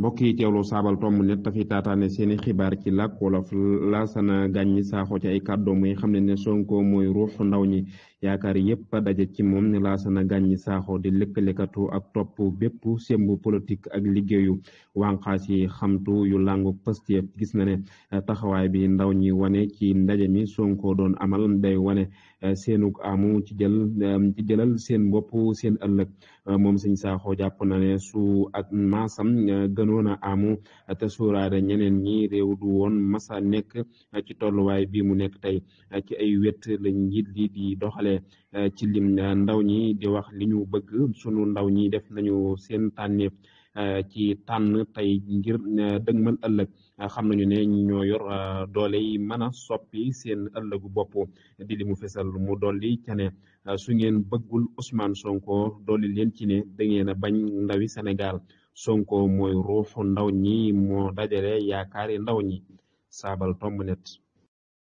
mbokk yi teewloo saabal tomb net tafi taataane seeni xibaar ci làkk wolof laasana gàññi saaxo ci ay kàddoom muy xam ne ne sonko mooy ruuxu ndaw ñi yaakaar yépp a daje ci moom ne laasana gàññi saaxo di lëkkalekatu ak topp bépp semb politique ak liggéeyu wànqaas yi xamtu yu làngu Pastef gis na ne taxawaay bi ndaw ñi wane ci ndaje mi sonko doon amal day wane Euh, seenug amu ci jël euh, ci jëlal seen bopp seen ëllëg euh, moom sëñ Sakho jàpp na ne su ak maasam gënoon a amu te suuraale ñeneen ñi réew du woon masa nekk ci tolluwaay bii mu nekk tey ci ay wet lañ njiit li di doxalee ci lim ndaw ñi di wax li ñu bëgg suñu ndaw ñi def nañu seen tànneef Euh, ci tànn tey ngir dëgmal ëllëg euh, xam nañu ne ñoo yor euh, doole yi mën a soppi seen ëllëgu bopp di li mu fesal mu dolli ca ne su ngeen bëggul Ousmane Sonko dolli leen ci ne dageen a bañ ndawi Sénégal Sonko mooy ruuxu ndaw ñi moo dajale yaakaari ndaw ñi saabal tomb net